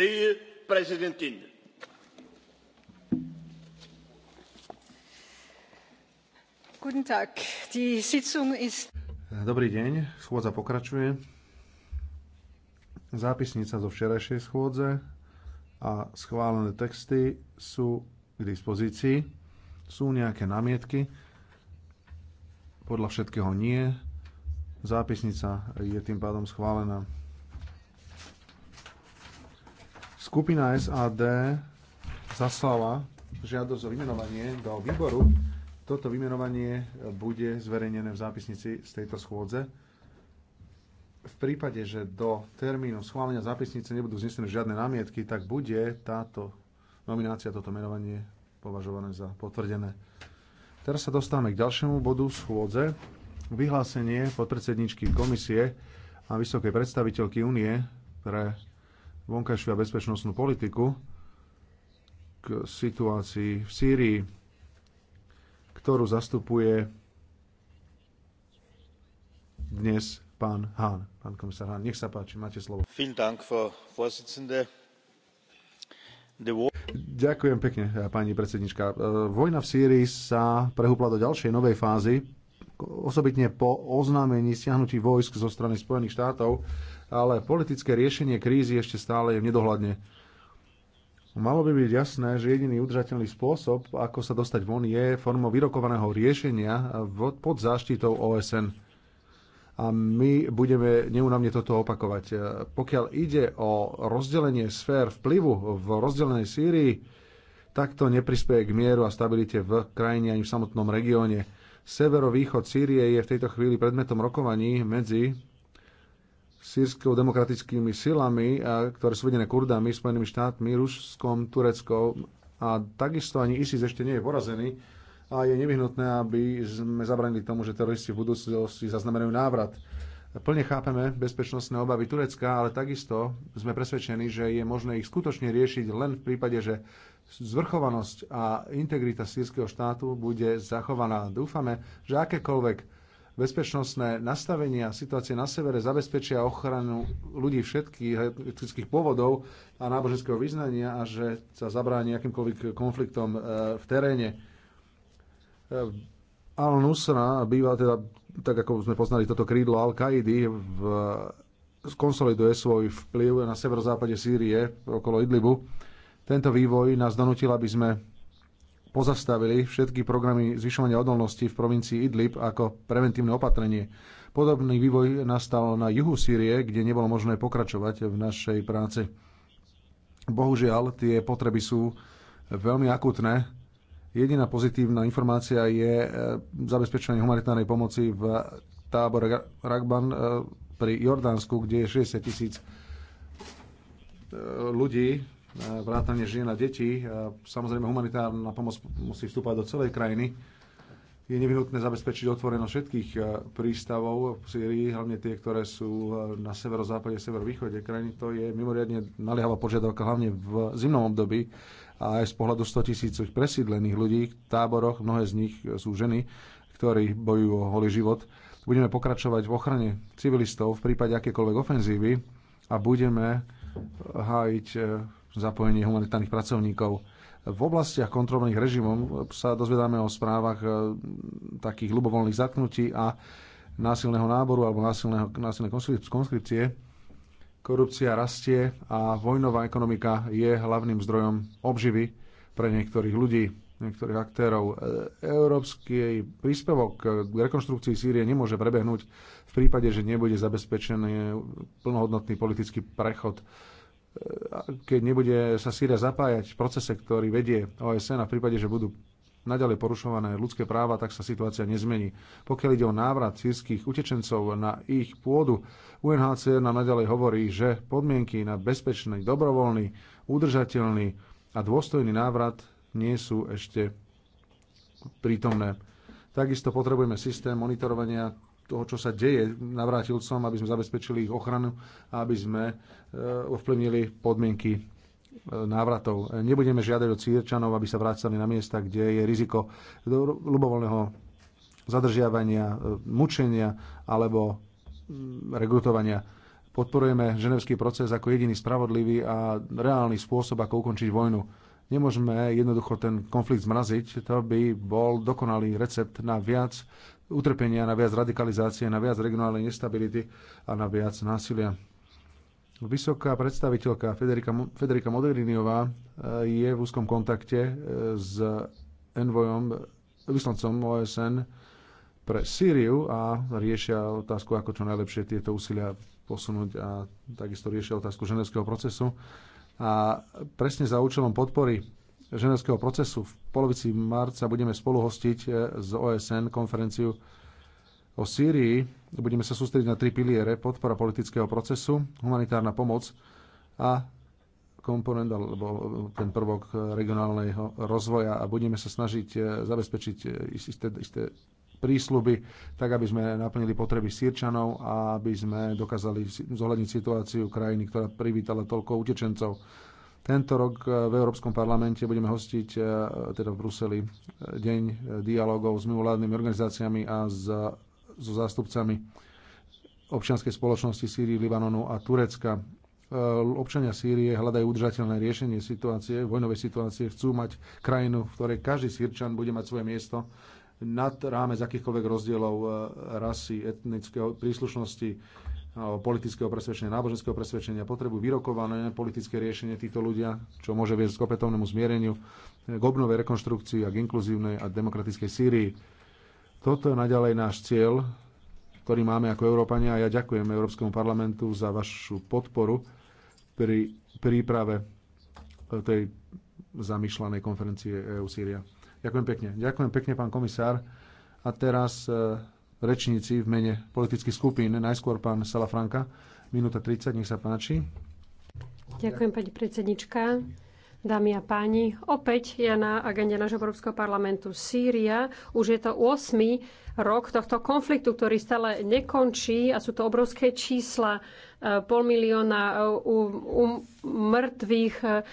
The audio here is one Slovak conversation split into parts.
Dobrý deň, schôdza pokračuje. Zápisnica zo včerajšej schôdze a schválené texty sú k dispozícii. Sú nejaké námietky? Podľa všetkého nie. Zápisnica je tým pádom schválená. Skupina SAD zaslala žiadosť o vymenovanie do výboru. Toto vymenovanie bude zverejnené v zápisnici z tejto schôdze. V prípade, že do termínu schválenia zápisnice nebudú znesené žiadne námietky, tak bude táto nominácia, toto menovanie považované za potvrdené. Teraz sa dostávame k ďalšiemu bodu schôdze. Vyhlásenie podpredsedničky komisie a vysokej predstaviteľky únie pre vonkajšiu a bezpečnostnú politiku k situácii v Sýrii, ktorú zastupuje dnes pán Hahn. Pán komisár Hahn, nech sa páči, máte slovo. Ďakujem pekne, pani predsednička. E, vojna v Sýrii sa prehúpla do ďalšej novej fázy, osobitne po oznámení stiahnutí vojsk zo strany Spojených štátov ale politické riešenie krízy ešte stále je v nedohľadne. Malo by byť jasné, že jediný udržateľný spôsob, ako sa dostať von, je formou vyrokovaného riešenia pod záštitou OSN. A my budeme neunavne toto opakovať. Pokiaľ ide o rozdelenie sfér vplyvu v rozdelenej Sýrii, tak to neprispieje k mieru a stabilite v krajine ani v samotnom regióne. Severovýchod Sýrie je v tejto chvíli predmetom rokovaní medzi sírskou demokratickými silami, eh, ktoré sú vedené Kurdami, Spojenými štátmi, Ruskom, Tureckou a takisto ani ISIS ešte nie je porazený a je nevyhnutné, aby sme zabranili tomu, že teroristi v budúcnosti zaznamenajú návrat. Plne chápeme bezpečnostné obavy Turecka, ale takisto sme presvedčení, že je možné ich skutočne riešiť len v prípade, že zvrchovanosť a integrita sírskeho štátu bude zachovaná. Dúfame, že akékoľvek bezpečnostné nastavenia situácie na severe zabezpečia ochranu ľudí všetkých etnických pôvodov a náboženského vyznania a že sa zabráni akýmkoľvek konfliktom e, v teréne. E, Al-Nusra býva teda, tak ako sme poznali toto krídlo Al-Kaidy, v, skonsoliduje svoj vplyv na severozápade Sýrie okolo Idlibu. Tento vývoj nás donutil, aby sme pozastavili všetky programy zvyšovania odolnosti v provincii Idlib ako preventívne opatrenie. Podobný vývoj nastal na juhu Sýrie, kde nebolo možné pokračovať v našej práci. Bohužiaľ, tie potreby sú veľmi akutné. Jediná pozitívna informácia je e, zabezpečenie humanitárnej pomoci v tábore Ragban e, pri Jordánsku, kde je 60 tisíc e, ľudí E, vrátanie žien a detí. E, samozrejme, humanitárna pomoc musí vstúpať do celej krajiny. Je nevyhnutné zabezpečiť otvorenosť všetkých e, prístavov v Syrii, hlavne tie, ktoré sú na severozápade, severovýchode krajiny. To je mimoriadne naliehavá požiadavka, hlavne v zimnom období a aj z pohľadu 100 tisícových presídlených ľudí v táboroch, mnohé z nich sú ženy, ktorí bojujú o holý život. Budeme pokračovať v ochrane civilistov v prípade akékoľvek ofenzívy a budeme hájiť zapojenie humanitárnych pracovníkov. V oblastiach kontrolných režimom sa dozvedáme o správach e, takých ľubovoľných zatknutí a násilného náboru alebo násilného, násilné konskripcie. Korupcia rastie a vojnová ekonomika je hlavným zdrojom obživy pre niektorých ľudí, niektorých aktérov. E, európsky príspevok k rekonštrukcii Sýrie nemôže prebehnúť v prípade, že nebude zabezpečený plnohodnotný politický prechod keď nebude sa Sýria zapájať v procese, ktorý vedie OSN a v prípade, že budú naďalej porušované ľudské práva, tak sa situácia nezmení. Pokiaľ ide o návrat sírskych utečencov na ich pôdu, UNHCR nám naďalej hovorí, že podmienky na bezpečný, dobrovoľný, udržateľný a dôstojný návrat nie sú ešte prítomné. Takisto potrebujeme systém monitorovania toho, čo sa deje navrátilcom, aby sme zabezpečili ich ochranu a aby sme e, ovplyvnili podmienky e, návratov. Nebudeme žiadať od Sýrčanov, aby sa vrácali na miesta, kde je riziko ľubovoľného zadržiavania, e, mučenia alebo mm, rekrutovania. Podporujeme ženevský proces ako jediný spravodlivý a reálny spôsob, ako ukončiť vojnu. Nemôžeme jednoducho ten konflikt zmraziť, to by bol dokonalý recept na viac utrpenia, na viac radikalizácie, na viac regionálnej nestability a na viac násilia. Vysoká predstaviteľka Federika, Federika Moderiniová eh, je v úzkom kontakte eh, s envojom, vyslancom OSN pre Sýriu a riešia otázku, ako čo najlepšie tieto úsilia posunúť a takisto riešia otázku ženevského procesu. A presne za účelom podpory ženevského procesu. V polovici marca budeme spolu hostiť e, z OSN konferenciu o Sýrii. Budeme sa sústrediť na tri piliere. Podpora politického procesu, humanitárna pomoc a komponent alebo ten prvok regionálneho rozvoja a budeme sa snažiť e, zabezpečiť e, isté, isté prísluby, tak aby sme naplnili potreby sírčanov a aby sme dokázali zohľadniť situáciu krajiny, ktorá privítala toľko utečencov tento rok eh, v Európskom parlamente budeme hostiť eh, teda v Bruseli eh, deň dialogov s mimovládnymi organizáciami a s, so zástupcami občianskej spoločnosti Sýrii, Libanonu a Turecka. Občania Sýrie hľadajú udržateľné riešenie situácie, vojnovej situácie, chcú mať krajinu, v ktorej každý Sýrčan bude mať svoje miesto, nad rámec akýchkoľvek rozdielov e, rasy, etnického príslušnosti, politického presvedčenia, náboženského presvedčenia, potrebu vyrokované politické riešenie týchto ľudia, čo môže viesť k opätovnému zmiereniu, e, k obnovej rekonštrukcii a k inkluzívnej a demokratickej Sýrii. Toto je naďalej náš cieľ, ktorý máme ako Európania a ja ďakujem Európskemu parlamentu za vašu podporu pri príprave e, tej zamýšľanej konferencie EU-Sýria. Ďakujem pekne. Ďakujem pekne, pán komisár. A teraz e, rečníci v mene politických skupín. Najskôr pán Salafranka, minúta 30, nech sa páči. Ďakujem, pani predsednička. Dámy a páni, opäť je na agende nášho Európskeho parlamentu Sýria. Už je to 8. rok tohto konfliktu, ktorý stále nekončí a sú to obrovské čísla, e, pol milióna e, mŕtvych,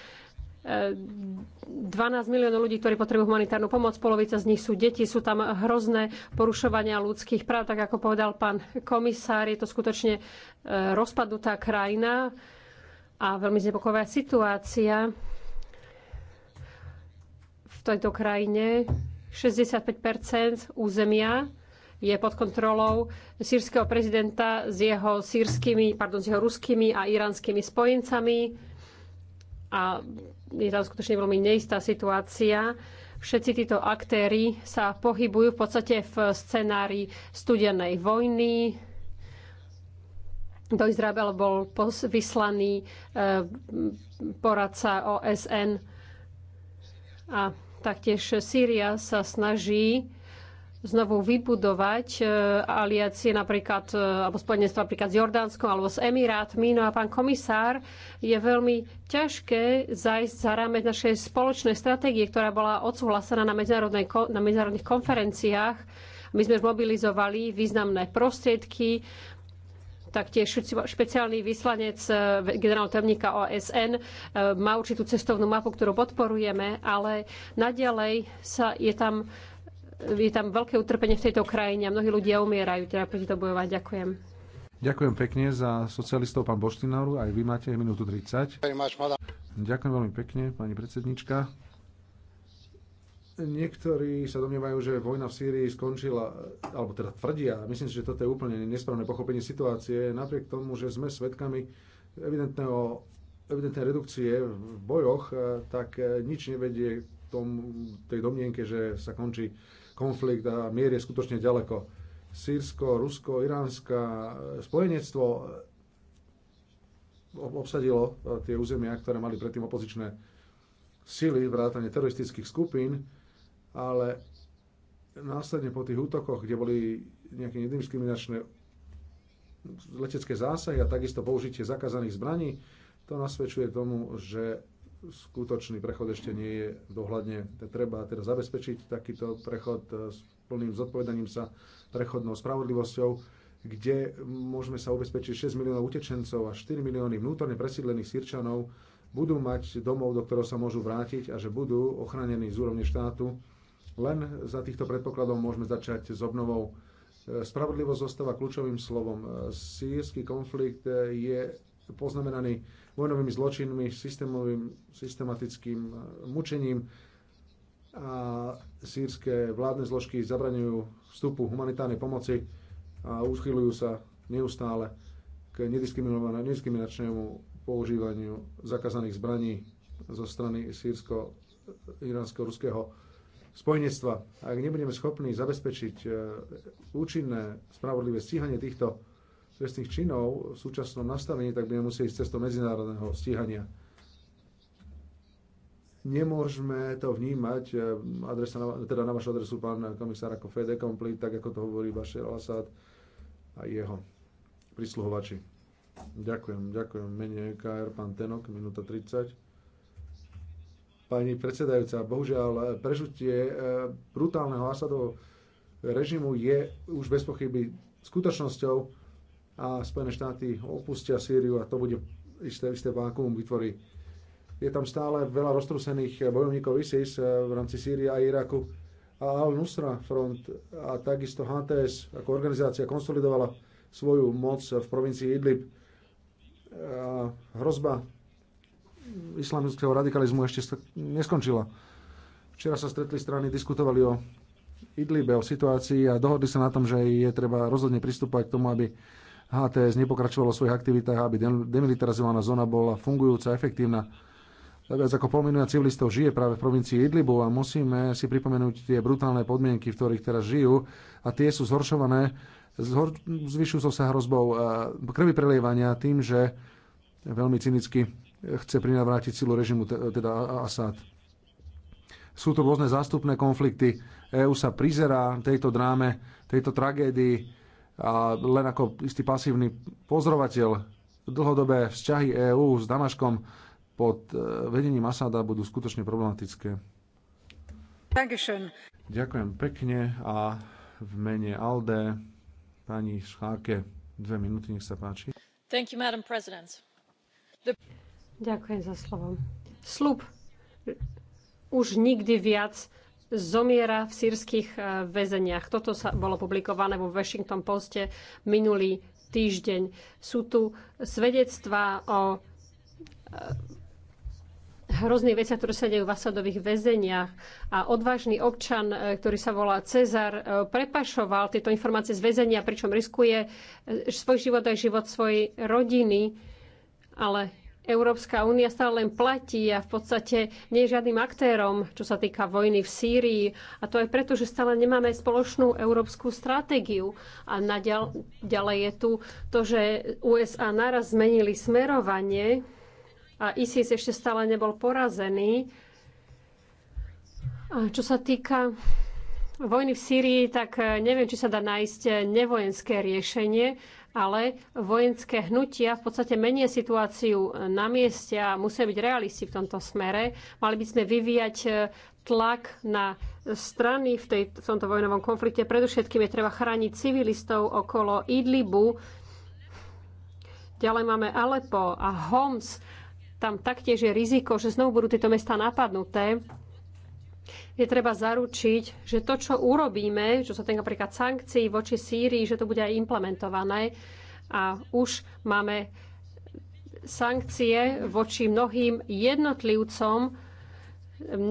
12 miliónov ľudí, ktorí potrebujú humanitárnu pomoc, polovica z nich sú deti, sú tam hrozné porušovania ľudských práv, tak ako povedal pán komisár, je to skutočne e, rozpadnutá krajina a veľmi znepokojivá situácia v tejto krajine. 65 územia je pod kontrolou sírskeho prezidenta s jeho, sírskymi, pardon, s jeho ruskými a iránskymi spojencami a je tam skutočne veľmi neistá situácia. Všetci títo aktéry sa pohybujú v podstate v scenári studenej vojny. Do Izraela bol vyslaný e, poradca OSN a taktiež Sýria sa snaží znovu vybudovať e, aliácie napríklad, e, alebo spojenectvo napríklad s Jordánskom alebo s Emirátmi. No a pán komisár, je veľmi ťažké zajsť za rámec našej spoločnej stratégie, ktorá bola odsúhlasená na, na medzinárodných konferenciách. My sme mobilizovali významné prostriedky, taktiež špeciálny vyslanec e, generálneho tajomníka OSN má určitú cestovnú mapu, ktorú podporujeme, ale naďalej sa je tam je tam veľké utrpenie v tejto krajine a mnohí ľudia umierajú, teda proti to bojovať. Ďakujem. Ďakujem pekne za socialistov, pán Boštinauru, aj vy máte minútu 30. Ďakujem veľmi pekne, pani predsednička. Niektorí sa domnievajú, že vojna v Sýrii skončila, alebo teda tvrdia, myslím si, že toto je úplne nesprávne pochopenie situácie, napriek tomu, že sme svedkami evidentného, evidentnej redukcie v bojoch, tak nič nevedie tomu, tej domnienke, že sa končí konflikt a mier je skutočne ďaleko. Sýrsko, Rusko, Iránska e, spojenectvo obsadilo e, tie územia, ktoré mali predtým opozičné sily, vrátane teroristických skupín, ale následne po tých útokoch, kde boli nejaké nediskriminačné letecké zásahy a takisto použitie zakázaných zbraní, to nasvedčuje tomu, že skutočný prechod ešte nie je dohľadne. Treba teda zabezpečiť takýto prechod e, s plným zodpovedaním sa prechodnou spravodlivosťou, kde môžeme sa ubezpečiť 6 miliónov utečencov a 4 milióny vnútorne presídlených Sírčanov, budú mať domov, do ktorého sa môžu vrátiť a že budú ochránení z úrovne štátu. Len za týchto predpokladov môžeme začať s obnovou e, Spravodlivosť zostáva kľúčovým slovom. E, sýrsky konflikt je poznamenaní vojnovými zločinmi, systémovým, systematickým e, mučením a sírske vládne zložky zabraňujú vstupu humanitárnej pomoci a uchyľujú sa neustále k nediskriminačnému používaniu zakazaných zbraní zo strany sírsko-iránsko-ruského spojenectva. Ak nebudeme schopní zabezpečiť e, účinné, spravodlivé stíhanie týchto trestných činov v súčasnom nastavení, tak budeme musieť ísť cestou medzinárodného stíhania. Nemôžeme to vnímať, eh, adresa, teda na vašu adresu pán komisár ako Fede Complete, tak ako to hovorí vaše al-Assad a jeho prisluhovači. Ďakujem, ďakujem. Mene KR, pán Tenok, minúta 30. Pani predsedajúca, bohužiaľ prežutie eh, brutálneho Asadovho režimu je už bez pochyby skutočnosťou a Spojené štáty opustia Sýriu a to bude isté, isté vákuum vytvorí. Je tam stále veľa roztrusených bojovníkov ISIS eh, v rámci Sýrie a Iraku a Al-Nusra front a takisto HTS ako organizácia konsolidovala svoju moc v provincii Idlib. A hrozba islamického radikalizmu ešte neskončila. Včera sa stretli strany, diskutovali o Idlibe, o situácii a dohodli sa na tom, že je treba rozhodne pristúpať k tomu, aby HTS nepokračovalo v svojich aktivitách, aby demilitarizovaná zóna bola fungujúca, efektívna. Viac ako pol milióna civilistov žije práve v provincii Idlibu a musíme si pripomenúť tie brutálne podmienky, v ktorých teraz žijú a tie sú zhoršované zhor- zvyšujúcou sa hrozbou eh, krvi prelievania tým, že veľmi cynicky chce prinavrátiť silu režimu, teda Asad. Sú to rôzne zástupné konflikty. EÚ sa prizerá tejto dráme, tejto tragédii a len ako istý pasívny pozorovateľ dlhodobé vzťahy EÚ s Damaškom pod e, vedením Asada budú skutočne problematické. Dankeschön. Ďakujem pekne a v mene ALDE pani Šáke dve minúty, nech sa páči. Thank you, Madam President. The... Ďakujem za slovo. Slub už nikdy viac zomiera v sírskych e, väzeniach. Toto sa bolo publikované vo Washington Poste minulý týždeň. Sú tu svedectvá o e, hrozných veciach, ktoré sa dejú v Asadových väzeniach. A odvážny občan, e, ktorý sa volá Cezar, prepašoval tieto informácie z väzenia, pričom riskuje svoj život aj život svojej rodiny. Ale Európska únia stále len platí a v podstate nie je žiadnym aktérom, čo sa týka vojny v Sýrii. A to aj preto, že stále nemáme spoločnú európsku stratégiu. A naďal, ďalej je tu to, že USA naraz zmenili smerovanie a ISIS ešte stále nebol porazený. A čo sa týka vojny v Sýrii, tak eh, neviem, či sa dá nájsť eh, nevojenské riešenie ale vojenské hnutia v podstate menia situáciu na mieste a musia byť realisti v tomto smere. Mali by sme vyvíjať e, tlak na strany v, tej, v tomto vojnovom konflikte. Predovšetkým je treba chrániť civilistov okolo Idlibu. Ďalej máme Alepo a Homs. Tam taktiež je riziko, že znovu budú tieto mesta napadnuté je treba zaručiť, že to, čo urobíme, čo sa týka napríklad sankcií voči Sýrii, že to bude aj implementované. A už máme sankcie voči mnohým jednotlivcom.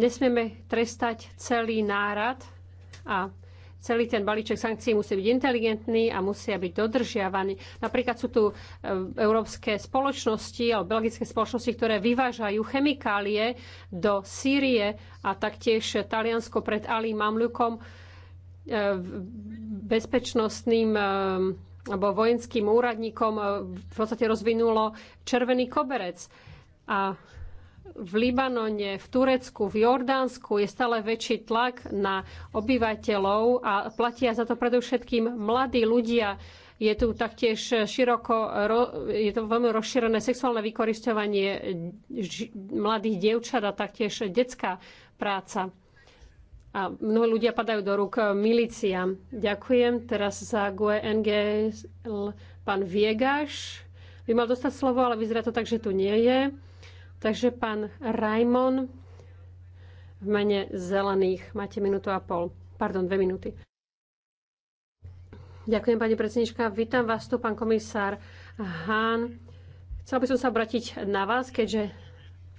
Nesmieme trestať celý nárad a celý ten balíček sankcií musí byť inteligentný a musia byť dodržiavaný. Napríklad sú tu e, európske spoločnosti alebo belgické spoločnosti, ktoré vyvážajú chemikálie do Sýrie a taktiež Taliansko pred Ali Mamlukom e, bezpečnostným e, alebo vojenským úradníkom v podstate rozvinulo červený koberec. A v Libanone, v Turecku, v Jordánsku je stále väčší tlak na obyvateľov a platia za to predovšetkým mladí ľudia. Je tu taktiež široko, je to veľmi rozšírené sexuálne vykoristovanie mladých dievčat a taktiež detská práca. A mnohí ľudia padajú do rúk miliciám. Ďakujem teraz za GUE pán Viegaš. By mal dostať slovo, ale vyzerá to tak, že tu nie je. Takže pán Rajmon, v mene zelených máte minútu a pol. Pardon, dve minúty. Ďakujem, pani predsednička. Vítam vás tu, pán komisár Hán. Chcel by som sa obratiť na vás, keďže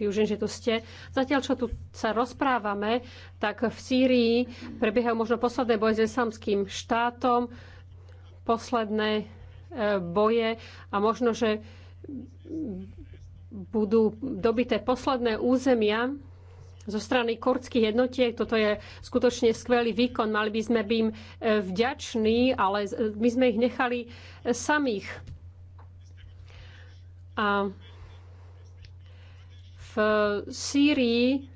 využijem, že tu ste. Zatiaľ, čo tu sa rozprávame, tak v Sýrii prebiehajú možno posledné boje s islamským štátom, posledné e, boje a možno, že budú dobité posledné územia zo strany kurdských jednotiek. Toto je skutočne skvelý výkon. Mali by sme by e, vďační, ale my sme ich nechali e, samých. A v e, Sýrii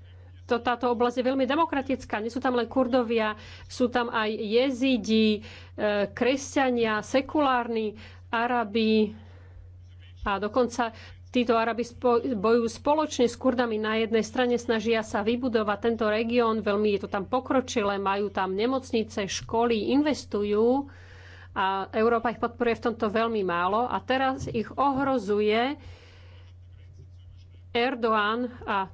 to, táto oblasť je veľmi demokratická. Nie sú tam len kurdovia, sú tam aj jezidi, kresťania, sekulárni, arabi a dokonca títo Arabi bojujú spoločne s Kurdami na jednej strane, snažia sa vybudovať tento región, veľmi je to tam pokročilé, majú tam nemocnice, školy, investujú a Európa ich podporuje v tomto veľmi málo a teraz ich ohrozuje Erdoğan a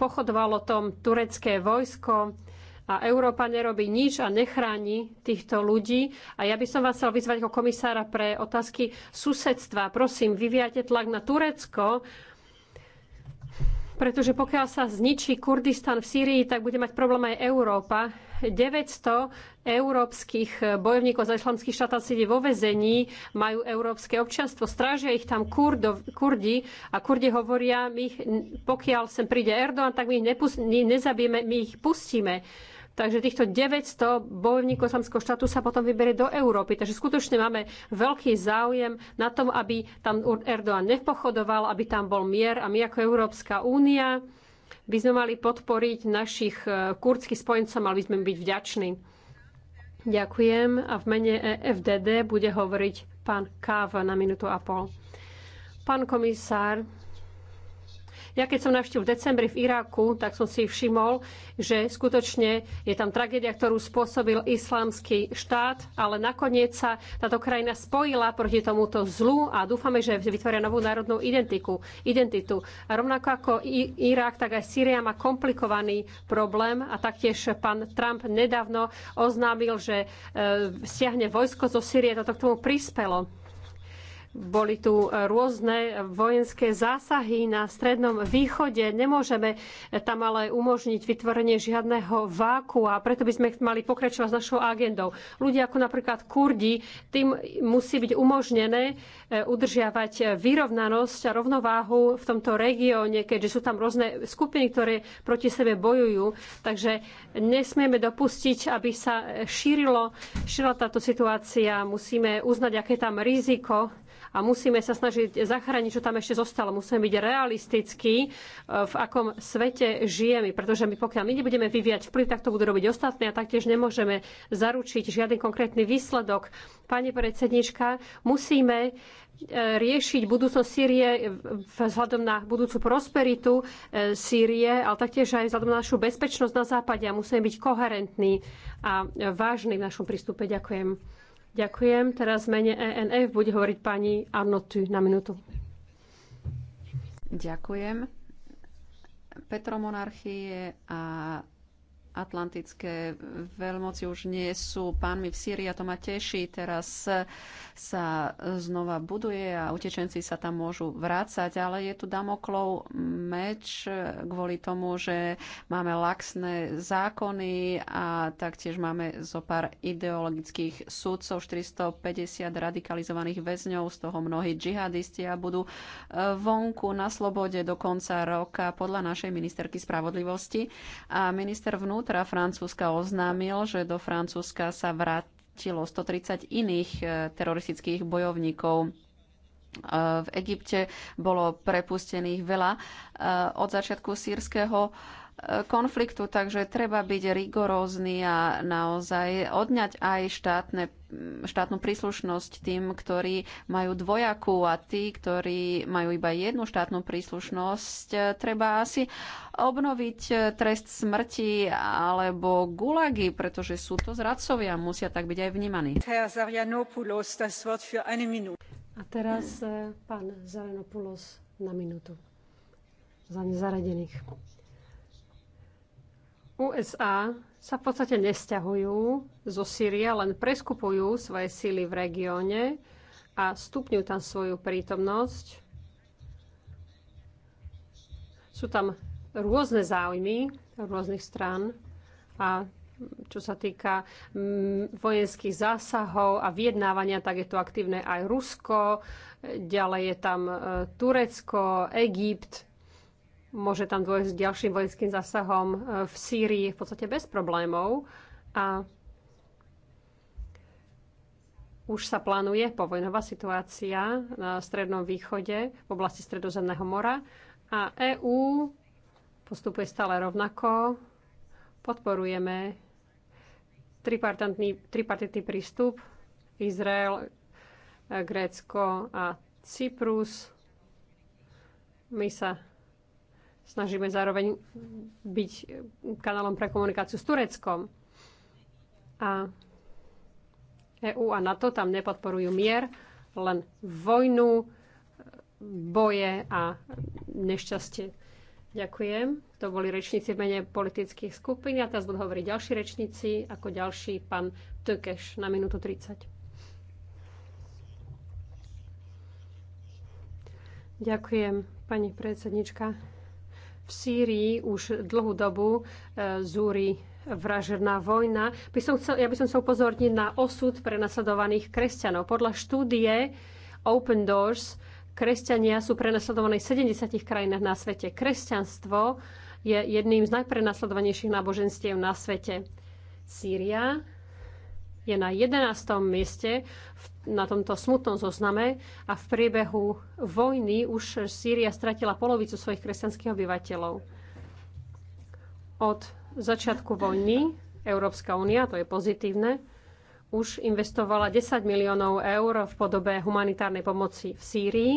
pochodovalo tom turecké vojsko a Európa nerobí nič a nechráni týchto ľudí. A ja by som vás chcel vyzvať ako komisára pre otázky susedstva. Prosím, vyviate tlak na Turecko, pretože pokiaľ sa zničí Kurdistan v Sýrii, tak bude mať problém aj Európa. 900 európskych bojovníkov za islamských štát sedí vo vezení, majú európske občanstvo, strážia ich tam Kurdo, Kurdi a Kurdi hovoria, my ich, pokiaľ sem príde Erdogan, tak my ich nezabijeme, my ich pustíme. Takže týchto 900 bojovníkov islamského štátu sa potom vyberie do Európy. Takže skutočne máme veľký záujem na tom, aby tam Erdoğan nepochodoval, aby tam bol mier a my ako Európska únia by sme mali podporiť našich e, kurdských spojencov, mali by sme byť vďační. Ďakujem a v mene e FDD bude hovoriť pán Káva na minútu a pol. Pán komisár, ja keď som navštívil v decembri v Iraku, tak som si všimol, že skutočne je tam tragédia, ktorú spôsobil islamský štát, ale nakoniec sa táto krajina spojila proti tomuto zlu a dúfame, že vytvoria novú národnú identiku, identitu. A rovnako ako Irak, tak aj Sýria má komplikovaný problém a taktiež pán Trump nedávno oznámil, že e, stiahne vojsko zo Sýrie. Toto k tomu prispelo. Boli tu rôzne vojenské zásahy na Strednom východe. Nemôžeme tam ale umožniť vytvorenie žiadneho váku a preto by sme mali pokračovať s našou agendou. Ľudia ako napríklad Kurdi, tým musí byť umožnené e, udržiavať vyrovnanosť a rovnováhu v tomto regióne, keďže sú tam rôzne skupiny, ktoré proti sebe bojujú. Takže nesmieme dopustiť, aby sa šírilo, šírila táto situácia. Musíme uznať, aké tam riziko a musíme sa snažiť zachrániť, čo tam ešte zostalo. Musíme byť realistickí, e, v akom svete žijeme, pretože my pokiaľ my nebudeme vyviať vplyv, tak to budú robiť ostatní a taktiež nemôžeme zaručiť žiaden konkrétny výsledok. Pani predsednička, musíme e, riešiť budúcnosť Sýrie vzhľadom na budúcu prosperitu e, Sýrie, ale taktiež aj vzhľadom na našu bezpečnosť na západe a musíme byť koherentní a vážni v našom prístupe. Ďakujem. Ďakujem. Teraz mene ENF bude hovoriť pani Arnotu na minútu. Ďakujem. Petromonarchie a atlantické veľmoci už nie sú pánmi v Sýrii a to ma teší. Teraz sa znova buduje a utečenci sa tam môžu vrácať, ale je tu Damoklov meč kvôli tomu, že máme laxné zákony a taktiež máme zo pár ideologických súdcov, 450 radikalizovaných väzňov, z toho mnohí džihadisti a budú e, vonku na slobode do konca roka podľa našej ministerky spravodlivosti. A minister vnútra vnútra Francúzska oznámil, že do Francúzska sa vrátilo 130 iných e, teroristických bojovníkov. E, v Egypte bolo prepustených veľa e, od začiatku sírskeho konfliktu, takže treba byť rigorózny a naozaj odňať aj štátne štátnu príslušnosť tým, ktorí majú dvojakú a tí, ktorí majú iba jednu štátnu príslušnosť, treba asi obnoviť trest smrti alebo gulagy, pretože sú to zradcovia, musia tak byť aj vnímaní. A teraz eh, pán Zarenopoulos na minútu za nezaradených. USA sa v podstate nesťahujú zo Sýrie, len preskupujú svoje síly v regióne a stupňujú tam svoju prítomnosť. Sú tam rôzne záujmy rôznych strán a čo sa týka mm, vojenských zásahov a vyjednávania, tak je to aktívne aj Rusko, ďalej je tam e, Turecko, Egypt, môže tam dôjsť s ďalším vojenským zásahom e, v Sýrii v podstate bez problémov a už sa plánuje povojnová situácia na Strednom východe v oblasti Stredozemného mora a EÚ postupuje stále rovnako. Podporujeme tripartitný, tripartitný prístup Izrael, e, Grécko a Cyprus. My sa snažíme zároveň byť kanálom pre komunikáciu s Tureckom. A EU a NATO tam nepodporujú mier, len vojnu, boje a nešťastie. Ďakujem. To boli rečníci v mene politických skupín. A teraz budú hovoriť ďalší rečníci, ako ďalší pán Tökeš na minútu 30. Ďakujem, pani predsednička v Sýrii už dlhú dobu e, zúri vražedná vojna. By som chcel, ja by som chcel upozorniť na osud prenasledovaných kresťanov. Podľa štúdie Open Doors kresťania sú prenasledovaní v 70 krajinách na svete. Kresťanstvo je jedným z najprenasledovanejších náboženstiev na svete. Sýria je na 11. mieste v, na tomto smutnom zozname a v priebehu vojny už Sýria stratila polovicu svojich kresťanských obyvateľov. Od začiatku vojny Európska únia, to je pozitívne, už investovala 10 miliónov eur v podobe humanitárnej pomoci v Sýrii.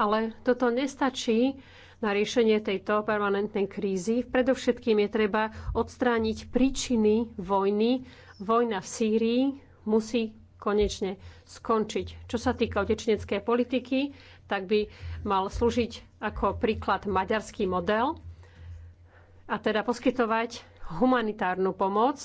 Ale toto nestačí na riešenie tejto permanentnej krízy. Predovšetkým je treba odstrániť príčiny vojny. Vojna v Sýrii musí konečne skončiť. Čo sa týka utečeneckej politiky, tak by mal slúžiť ako príklad maďarský model a teda poskytovať humanitárnu pomoc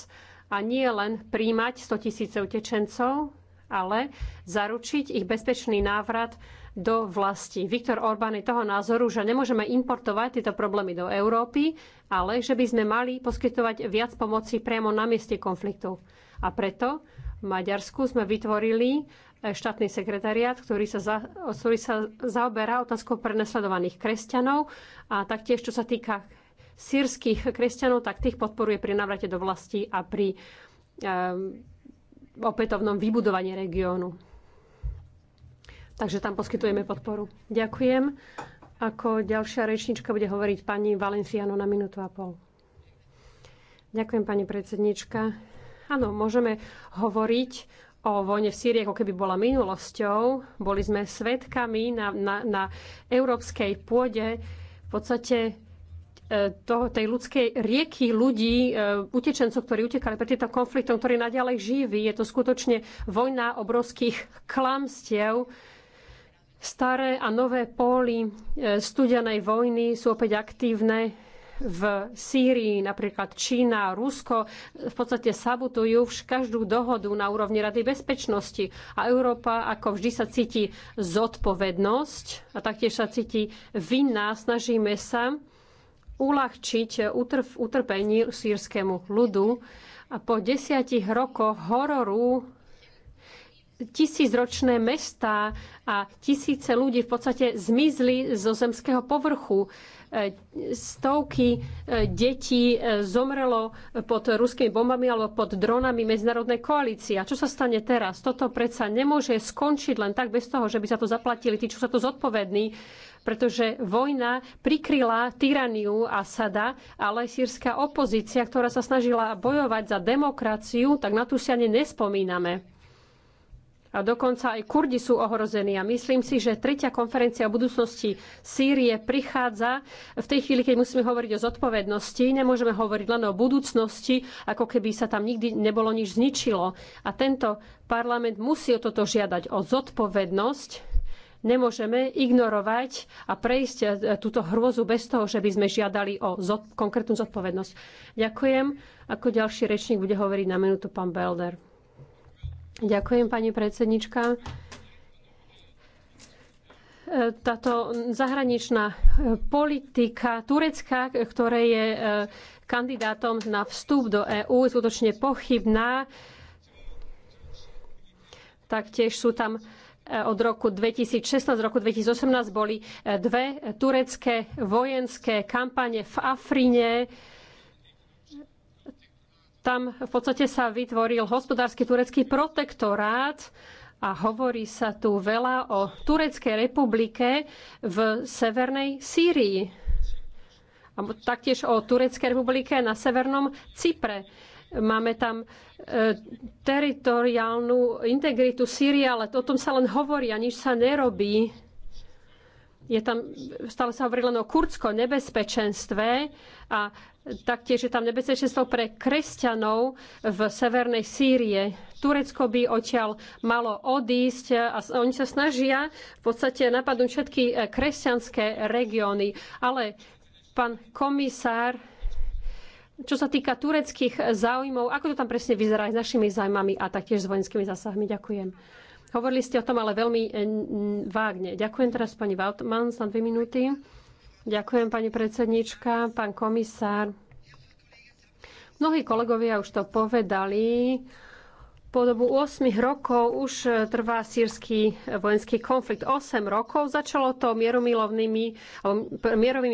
a nie len príjmať 100 tisíce utečencov, ale zaručiť ich bezpečný návrat do vlasti. Viktor Orbán je toho názoru, že nemôžeme importovať tieto problémy do Európy, ale že by sme mali poskytovať viac pomoci priamo na mieste konfliktu. A preto v Maďarsku sme vytvorili eh, štátny sekretariát, ktorý sa, za, ktorý sa zaoberá otázkou prenasledovaných kresťanov a taktiež, čo sa týka sírskych kresťanov, tak tých podporuje pri navrate do vlasti a pri um, opätovnom vybudovaní regiónu. Takže tam poskytujeme podporu. Ďakujem. Ako ďalšia rečnička bude hovoriť pani Valenciano na minútu a pol. Ďakujem, pani predsednička. Áno, môžeme hovoriť o vojne v Sýrii, ako keby bola minulosťou. Boli sme svetkami na, na, na európskej pôde v podstate e, toho, tej ľudskej rieky ľudí, e, utečencov, ktorí utekali pred týmto konfliktom, ktorý naďalej živí. Je to skutočne vojna obrovských klamstiev, Staré a nové póly e, studenej vojny sú opäť aktívne v Sýrii, napríklad Čína, Rusko, e, v podstate sabotujú každú dohodu na úrovni Rady bezpečnosti. A Európa, ako vždy, sa cíti zodpovednosť a taktiež sa cíti vinná. Snažíme sa uľahčiť utrpení sírskému ľudu. A po desiatich rokoch hororu tisícročné mestá a tisíce ľudí v podstate zmizli zo zemského povrchu. E, stovky e, detí e, zomrelo pod ruskými bombami alebo pod dronami medzinárodnej koalície. A čo sa stane teraz? Toto predsa nemôže skončiť len tak bez toho, že by sa to zaplatili tí, čo sa to zodpovední, pretože vojna prikryla tyraniu Asada, ale aj sírska opozícia, ktorá sa snažila bojovať za demokraciu, tak na tú si ani nespomíname a dokonca aj Kurdi sú ohrození. A myslím si, že tretia konferencia o budúcnosti Sýrie prichádza v tej chvíli, keď musíme hovoriť o zodpovednosti. Nemôžeme hovoriť len o budúcnosti, ako keby sa tam nikdy nebolo nič zničilo. A tento parlament musí o toto žiadať, o zodpovednosť. Nemôžeme ignorovať a prejsť e, túto hrôzu bez toho, že by sme žiadali o zod- konkrétnu zodpovednosť. Ďakujem. Ako ďalší rečník bude hovoriť na minútu pán Belder. Ďakujem, pani predsednička. E, táto zahraničná e, politika Turecka, ktoré je e, kandidátom na vstup do EÚ, je skutočne pochybná. Taktiež sú tam od roku 2016 roku 2018 boli dve turecké vojenské kampane v Afrine tam v podstate sa vytvoril hospodársky turecký protektorát a hovorí sa tu veľa o Tureckej republike v severnej Sýrii. A taktiež o Tureckej republike na severnom Cypre. Máme tam e, teritoriálnu integritu Sýrie, ale o tom sa len hovorí a nič sa nerobí. Je tam, stále sa hovorí len o kurdsko nebezpečenstve a Taktiež je tam nebezpečenstvo pre kresťanov v severnej Sýrie. Turecko by odtiaľ malo odísť a oni sa snažia v podstate napadnúť všetky e, kresťanské regióny. Ale pán komisár, čo sa týka tureckých záujmov, ako to tam presne vyzerá s našimi zájmami a taktiež s vojenskými zásahmi? Ďakujem. Hovorili ste o tom ale veľmi e, vágne. Ďakujem teraz pani Valtman za dve minúty. Ďakujem, pani predsednička, pán komisár. Mnohí kolegovia už to povedali. Po dobu 8 rokov už trvá sírsky vojenský konflikt. 8 rokov začalo to mierovými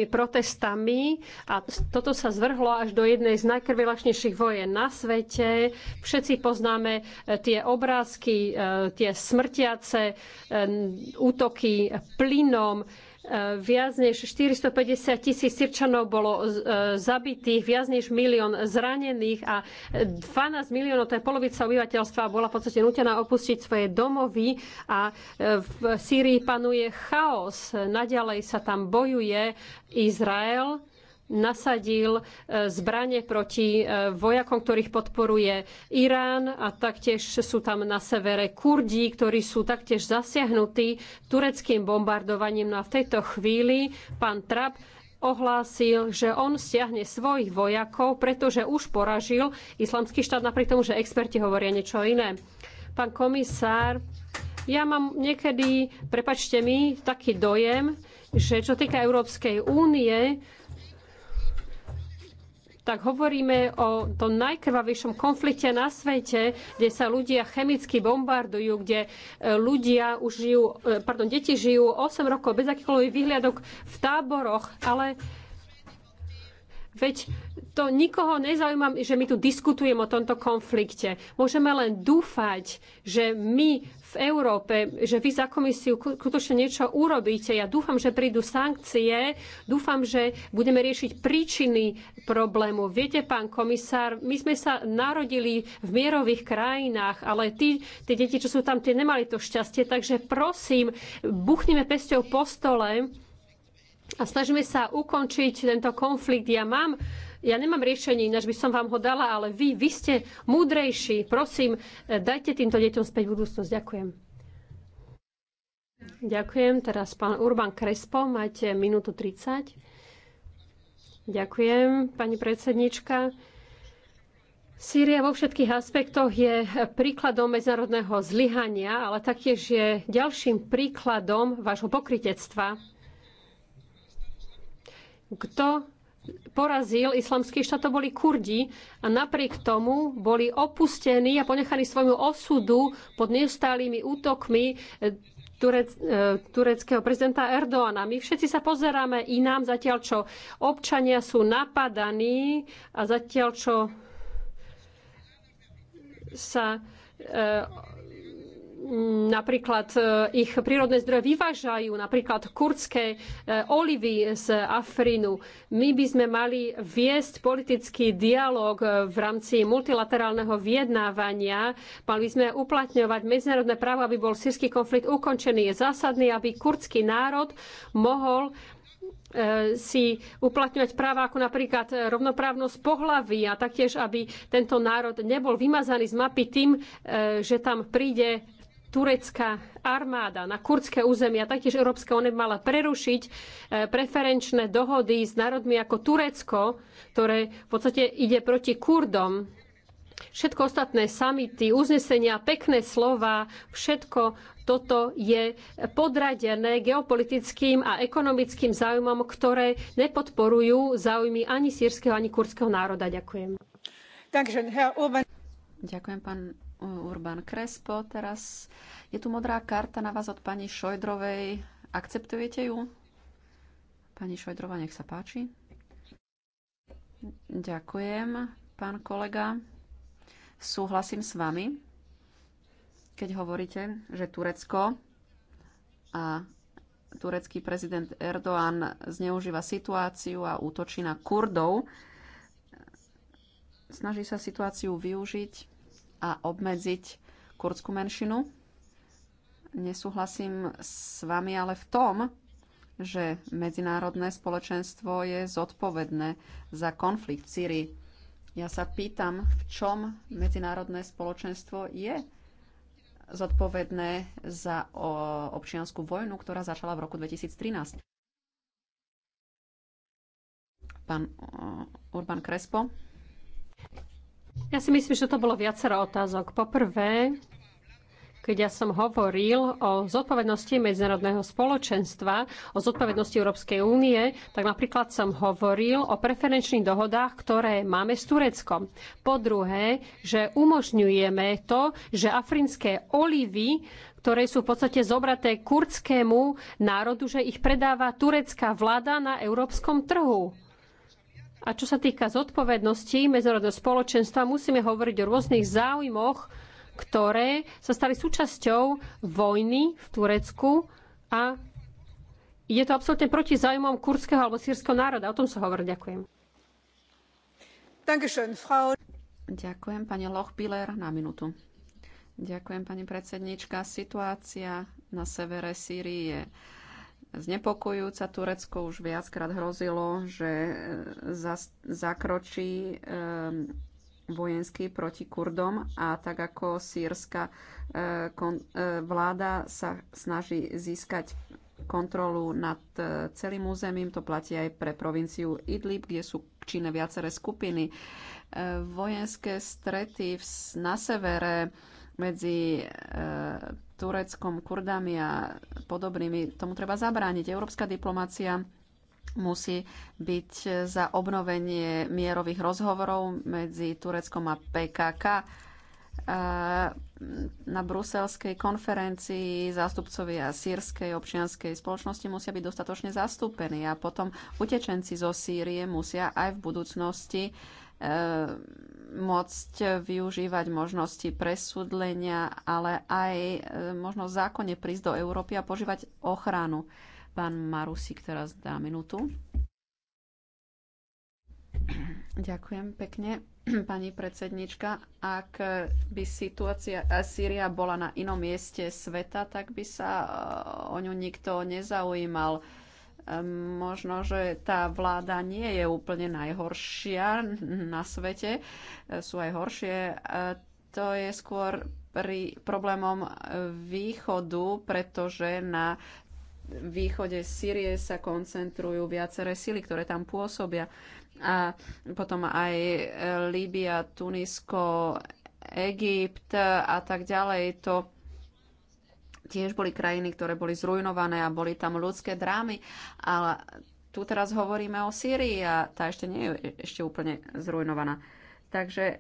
protestami a toto sa zvrhlo až do jednej z najkrvilašnejších vojen na svete. Všetci poznáme eh, tie obrázky, eh, tie smrtiace eh, útoky plynom, E, viac než 450 tisíc Sirčanov bolo e, zabitých, viac než milión zranených a 12 miliónov, to je polovica obyvateľstva, bola v podstate nutená opustiť svoje domovy a e, v Sýrii panuje chaos. Naďalej sa tam bojuje Izrael nasadil e, zbranie proti e, vojakom, ktorých podporuje Irán a taktiež sú tam na severe Kurdi, ktorí sú taktiež zasiahnutí tureckým bombardovaním. No a v tejto chvíli pán Trump ohlásil, že on stiahne svojich vojakov, pretože už poražil islamský štát, napriek tomu, že experti hovoria niečo iné. Pán komisár, ja mám niekedy, prepačte mi, taký dojem, že čo týka Európskej únie, tak hovoríme o tom najkrvavejšom konflikte na svete, kde sa ľudia chemicky bombardujú, kde e, ľudia už žijú, e, pardon, deti žijú 8 rokov bez akýchkoľvek výhľadok v táboroch, ale Veď to nikoho nezaujíma, že my tu diskutujeme o tomto konflikte. Môžeme len dúfať, že my v Európe, že vy za komisiu skutočne niečo urobíte. Ja dúfam, že prídu sankcie, dúfam, že budeme riešiť príčiny problému. Viete, pán komisár, my sme sa narodili v mierových krajinách, ale tí, tie deti, čo sú tam, tie nemali to šťastie. Takže prosím, buchnime pesťou po stole a snažíme sa ukončiť tento konflikt. Ja mám ja nemám riešenie, ináč by som vám ho dala, ale vy, vy ste múdrejší. Prosím, e, dajte týmto deťom späť budúcnosť. Ďakujem. Ďakujem. Teraz pán Urban Krespo, máte minútu 30. Ďakujem, pani predsednička. Sýria vo všetkých aspektoch je príkladom medzinárodného zlyhania, ale taktiež je ďalším príkladom vášho pokritectva. Kto porazil islamský štát, to boli Kurdi a napriek tomu boli opustení a ponechaní svojmu osudu pod neustálými útokmi eh, Turec, eh, tureckého prezidenta Erdoána. My všetci sa pozeráme inám, zatiaľ čo občania sú napadaní a zatiaľ čo sa eh, Mm, napríklad e, ich prírodné zdroje vyvážajú, napríklad kurdské e, olivy z Afrinu. My by sme mali viesť politický dialog e, v rámci multilaterálneho vyjednávania. Mali by sme uplatňovať medzinárodné právo, aby bol sírsky konflikt ukončený. Je zásadný, aby kurdský národ mohol si uplatňovať práva ako napríklad rovnoprávnosť pohlaví a taktiež, aby tento národ nebol vymazaný z mapy tým, že tam príde turecká armáda na kurdské územia. Taktiež Európska únia mala prerušiť e, preferenčné dohody s národmi ako Turecko, ktoré v podstate ide proti Kurdom. Všetko ostatné samity, uznesenia, pekné slova, všetko toto je podradené geopolitickým a ekonomickým záujmom, ktoré nepodporujú záujmy ani sírskeho, ani kurdského národa. Ďakujem. Ďakujem, pán Urban Crespo. Teraz je tu modrá karta na vás od pani Šojdrovej. Akceptujete ju? Pani Šojdrova, nech sa páči. Ďakujem, pán kolega. Súhlasím s vami, keď hovoríte, že Turecko a turecký prezident Erdoğan zneužíva situáciu a útočí na Kurdov snaží sa situáciu využiť a obmedziť kurdskú menšinu. Nesúhlasím s vami ale v tom, že medzinárodné spoločenstvo je zodpovedné za konflikt v Syrii. Ja sa pýtam, v čom medzinárodné spoločenstvo je zodpovedné za občianskú vojnu, ktorá začala v roku 2013. Pán Urban Krespo. Ja si myslím, že to bolo viacero otázok. Poprvé, keď ja som hovoril o zodpovednosti medzinárodného spoločenstva, o zodpovednosti Európskej únie, tak napríklad som hovoril o preferenčných dohodách, ktoré máme s Tureckom. Po druhé, že umožňujeme to, že afrinské olivy ktoré sú v podstate zobraté kurdskému národu, že ich predáva turecká vláda na európskom trhu. A čo sa týka zodpovednosti medzinárodného spoločenstva, musíme hovoriť o rôznych záujmoch, ktoré sa stali súčasťou vojny v Turecku a je to absolútne proti záujmom kurdského alebo sírskeho národa. O tom sa hovorí. Ďakujem. Ďakujem, pani Lochbiller, na minútu. Ďakujem, pani predsednička. Situácia na severe Sýrie. je znepokojujúca. Turecko už viackrát hrozilo, že e, zas, zakročí um, vojenský proti Kurdom a tak ako sírska e, kon, vláda sa snaží získať kontrolu nad celým územím, to platí aj pre provinciu Idlib, kde sú činné viaceré skupiny. Vojenské strety v, na severe medzi Tureckom, Kurdami a podobnými. Tomu treba zabrániť. Európska diplomácia musí byť za obnovenie mierových rozhovorov medzi Tureckom a PKK. Na bruselskej konferencii zástupcovia sírskej občianskej spoločnosti musia byť dostatočne zastúpení a potom utečenci zo Sýrie musia aj v budúcnosti e, môcť využívať možnosti presúdlenia, ale aj e, možno zákonne prísť do Európy a požívať ochranu. Pán Marusik teraz dá minútu. Ďakujem pekne, pani predsednička. Ak by situácia Sýria bola na inom mieste sveta, tak by sa e, o ňu nikto nezaujímal Ehm, možno, že tá vláda nie je úplne najhoršia na svete, ehm, sú aj horšie. Ehm, to je skôr pri problémom východu, pretože na východe Sýrie sa koncentrujú viaceré sily, ktoré tam pôsobia. A potom aj e, Líbia, Tunisko, Egypt a tak ďalej. To Tiež boli krajiny, ktoré boli zrujnované a boli tam ľudské drámy, ale tu teraz hovoríme o Sýrii a tá ešte nie je ešte úplne zrujnovaná. Takže e,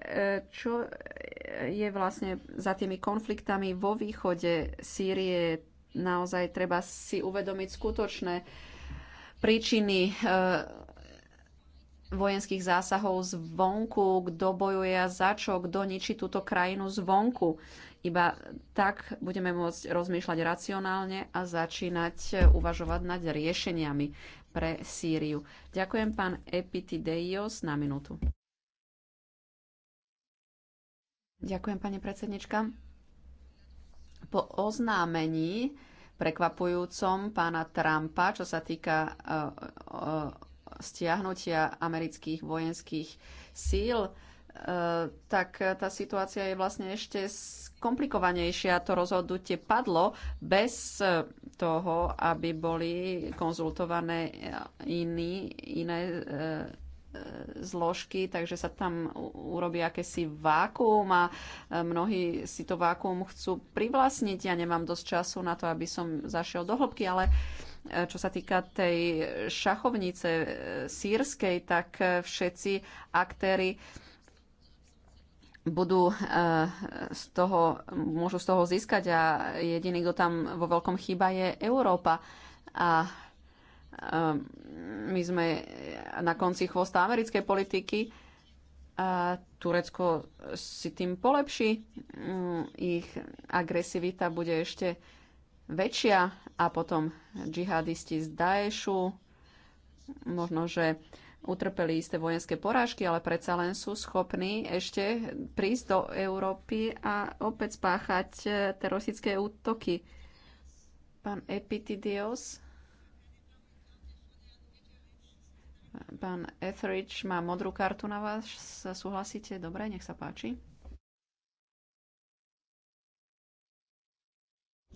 čo je vlastne za tými konfliktami vo východe Sýrie, naozaj treba si uvedomiť skutočné príčiny e, vojenských zásahov zvonku, kto bojuje a za čo, kto ničí túto krajinu zvonku. Iba tak budeme môcť rozmýšľať racionálne a začínať uvažovať nad riešeniami pre Sýriu. Ďakujem pán Epitideios na minútu. Ďakujem pani predsednička. Po oznámení prekvapujúcom pána Trumpa, čo sa týka uh, uh, stiahnutia amerických vojenských síl, uh, tak tá situácia je vlastne ešte komplikovanejšie a to rozhodnutie padlo bez eh, toho, aby boli konzultované iní, iné eh, zložky, takže sa tam urobí akési vákuum a eh, mnohí si to vákuum chcú privlastniť. Ja nemám dosť času na to, aby som zašiel do hĺbky, ale čo sa týka tej šachovnice sírskej, tak všetci aktéry budú eh, z toho, môžu z toho získať a jediný, kto tam vo veľkom chýba, je Európa. A eh, my sme na konci chvosta americkej politiky a Turecko si tým polepší. Mm, ich agresivita bude ešte väčšia a potom džihadisti z Daešu. Možno, že utrpeli isté vojenské porážky, ale predsa len sú schopní ešte prísť do Európy a opäť spáchať e, teroristické útoky. Pán Epitidios. Pán Etheridge má modrú kartu na vás. Súhlasíte? Dobre, nech sa páči.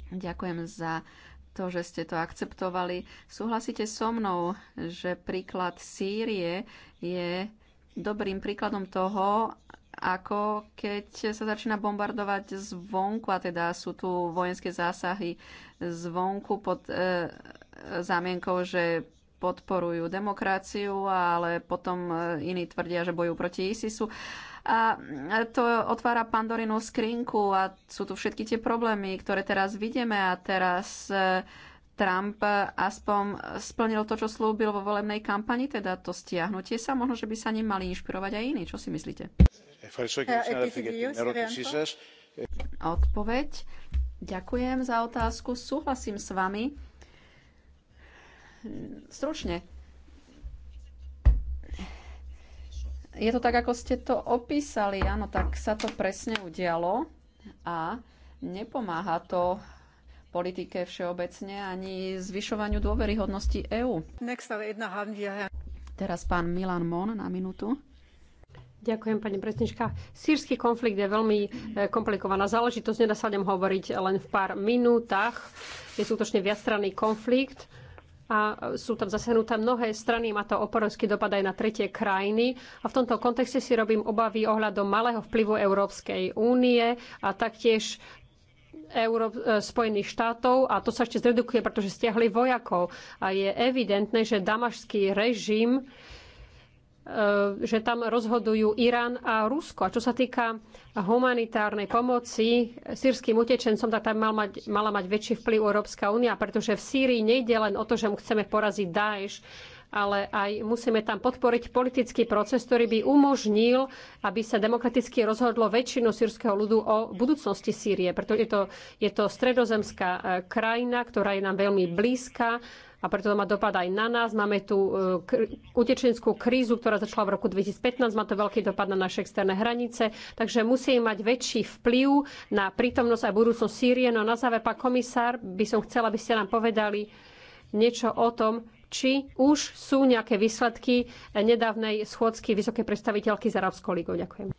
Ďakujem za to, že ste to akceptovali. Súhlasíte so mnou, že príklad Sýrie je dobrým príkladom toho, ako keď sa začína bombardovať zvonku, a teda sú tu vojenské zásahy zvonku pod e, zámienkou, že podporujú demokraciu, ale potom e, iní tvrdia, že bojujú proti ISISu. A to otvára pandorinu skrinku a sú tu všetky tie problémy, ktoré teraz vidíme a teraz e, Trump aspoň splnil to, čo slúbil vo volebnej kampani, teda to stiahnutie sa. Možno, že by sa ním mali inšpirovať aj iní. Čo si myslíte? Odpoveď. Ďakujem za otázku. Súhlasím s vami. Stručne je to tak, ako ste to opísali. Áno, tak sa to presne udialo a nepomáha to politike všeobecne ani zvyšovaniu dôveryhodnosti EÚ. Teraz pán Milan Mon na minútu. Ďakujem, pani predsednička. Sýrsky konflikt je veľmi e, komplikovaná záležitosť, nedá sa o hovoriť len v pár minútach. Je skutočne viacstranný konflikt a sú tam zasiahnuté mnohé strany, má to oporovský dopad aj na tretie krajiny. A v tomto kontexte si robím obavy ohľadom malého vplyvu Európskej únie a taktiež Euró- e, Spojených štátov a to sa ešte zredukuje, pretože stiahli vojakov. A je evidentné, že damašský režim E, že tam rozhodujú Irán a Rusko. A čo sa týka humanitárnej pomoci sírským utečencom, tak tam mal mať, mala mať väčší vplyv Európska únia, pretože v Sýrii nejde len o to, že mu chceme poraziť Daesh, ale aj musíme tam podporiť politický proces, ktorý by umožnil, aby sa demokraticky rozhodlo väčšinu sírskeho ľudu o budúcnosti Sýrie. Pretože je to, je to stredozemská e, krajina, ktorá je nám veľmi blízka a preto to má dopad aj na nás. Máme tu e, utečenskú krízu, ktorá začala v roku 2015, má to veľký dopad na naše externé hranice, takže musí mať väčší vplyv na prítomnosť a budúcnosť Sýrie. No na záver, pán komisár, by som chcela, aby ste nám povedali niečo o tom, či už sú nejaké výsledky nedávnej schôdzky vysokej predstaviteľky z Arabskou ligou. Ďakujem.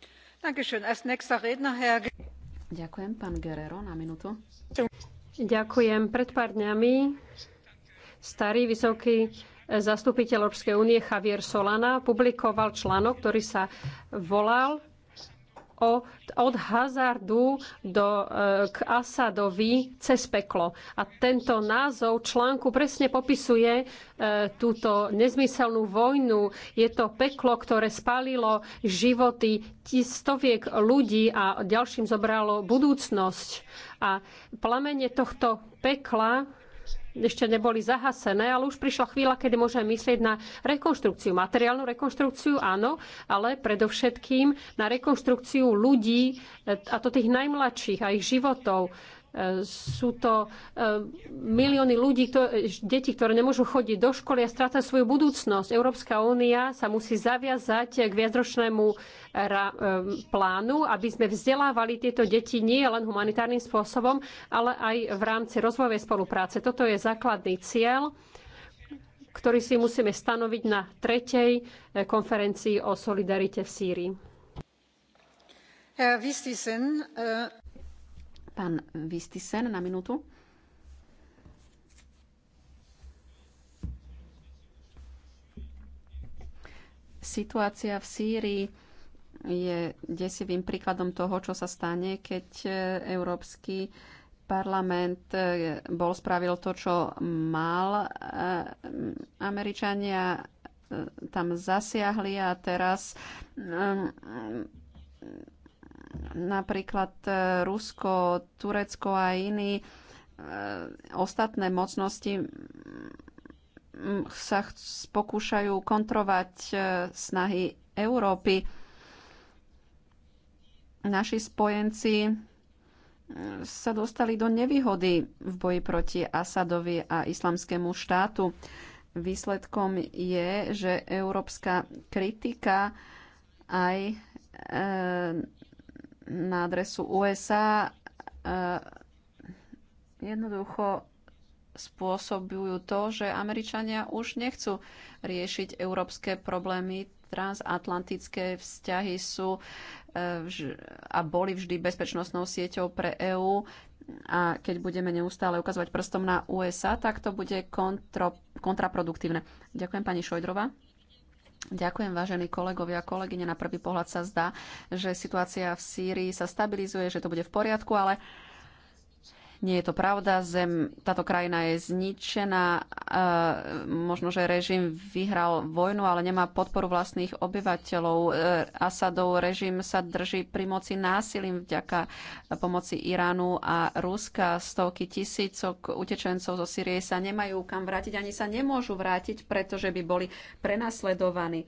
Ďakujem, pán Guerrero, na minútu. Ďakujem. Pred pár dňami Starý vysoký e, zastupiteľ Európskej únie Javier Solana publikoval článok, ktorý sa volal od hazardu do, e, k Asadovi cez peklo. A tento názov článku presne popisuje e, túto nezmyselnú vojnu. Je to peklo, ktoré spálilo životy stoviek ľudí a ďalším zobralo budúcnosť. A plamene tohto pekla ešte neboli zahasené, ale už prišla chvíľa, kedy môžeme myslieť na rekonštrukciu. Materiálnu rekonštrukciu, áno, ale predovšetkým na rekonštrukciu ľudí, e, a to tých najmladších a ich životov. Sú to eh, milióny ľudí, detí, ktoré nemôžu chodiť do školy a strácať svoju budúcnosť. Európska únia sa musí zaviazať k viacročnému eh, eh, plánu, aby sme vzdelávali tieto deti nie len humanitárnym spôsobom, ale aj v rámci rozvojovej spolupráce. Toto je základný cieľ ktorý si musíme stanoviť na tretej konferencii o solidarite v Sýrii. Pán Vistisen na minútu. Situácia v Sýrii je desivým príkladom toho, čo sa stane, keď e, Európsky parlament e, bol spravil to, čo mal. E, Američania tam zasiahli a teraz napríklad e, Rusko, Turecko a iní e, ostatné mocnosti sa pokúšajú kontrovať e, snahy Európy. Naši spojenci sa dostali do nevýhody v boji proti Asadovi a islamskému štátu. Výsledkom je, že európska kritika aj na adresu USA eh, jednoducho spôsobujú to, že Američania už nechcú riešiť európske problémy. Transatlantické vzťahy sú eh, a boli vždy bezpečnostnou sieťou pre EÚ a keď budeme neustále ukazovať prstom na USA, tak to bude kontraproduktívne. Ďakujem pani Šojdrova. Ďakujem, vážení kolegovia a kolegyne. Na prvý pohľad sa zdá, že situácia v Sýrii sa stabilizuje, že to bude v poriadku, ale nie je to pravda, zem, táto krajina je zničená, e, možno, že režim vyhral vojnu, ale nemá podporu vlastných obyvateľov. E, Asadov režim sa drží pri moci násilím vďaka pomoci Iránu a Ruska. Stovky tisícok utečencov zo Syrie sa nemajú kam vrátiť, ani sa nemôžu vrátiť, pretože by boli prenasledovaní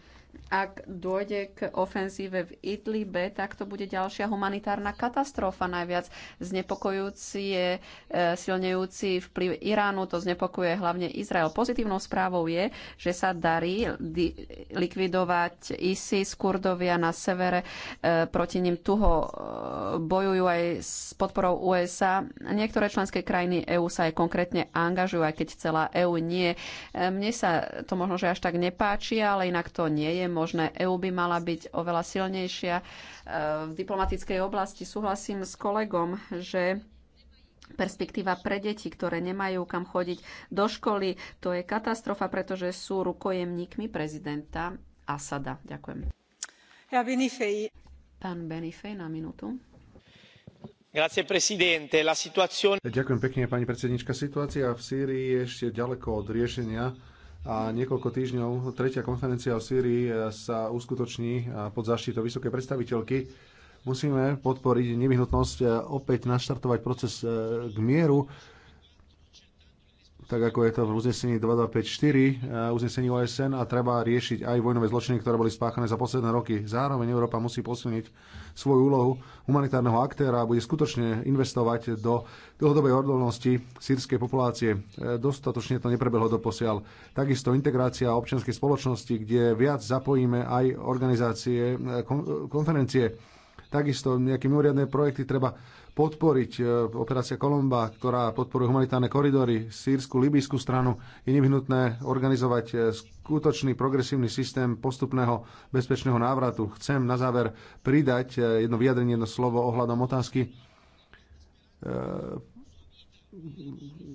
ak dôjde k ofenzíve v Idlibe, tak to bude ďalšia humanitárna katastrofa najviac. Znepokojujúci je e, silnejúci vplyv Iránu, to znepokuje hlavne Izrael. Pozitívnou správou je, že sa darí di- likvidovať ISIS, Kurdovia na severe, e, proti nim tuho e, bojujú aj s podporou USA. Niektoré členské krajiny EÚ sa aj konkrétne angažujú, aj keď celá EÚ nie. E, mne sa to možno, že až tak nepáči, ale inak to nie je je možné. EÚ by mala byť oveľa silnejšia. E, v diplomatickej oblasti súhlasím s kolegom, že perspektíva pre deti, ktoré nemajú kam chodiť do školy. To je katastrofa, pretože sú rukojemníkmi prezidenta Asada. Ďakujem. Ja Benifej. Pán Benifej na minútu. Ďakujem pekne, pani predsednička. Situácia v Sýrii je ešte ďaleko od riešenia a niekoľko týždňov tretia konferencia o Sýrii e, sa uskutoční e, pod zaštitou vysokej predstaviteľky. Musíme podporiť nevyhnutnosť e, opäť naštartovať proces k mieru tak ako je to v uznesení 2254, eh, uznesení OSN a treba riešiť aj vojnové zločiny, ktoré boli spáchané za posledné roky. Zároveň Európa musí posilniť svoju úlohu humanitárneho aktéra a bude skutočne investovať do dlhodobej odolnosti sírskej populácie. Eh, dostatočne to neprebehlo do posiaľ. Takisto integrácia občianskej spoločnosti, kde viac zapojíme aj organizácie, eh, konferencie. Takisto nejaké mimoriadné projekty treba podporiť. E, operácia Kolomba, ktorá podporuje humanitárne koridory, sírsku, libijskú stranu, je nevyhnutné organizovať e, skutočný progresívny systém postupného bezpečného návratu. Chcem na záver pridať e, jedno vyjadrenie, jedno slovo ohľadom otázky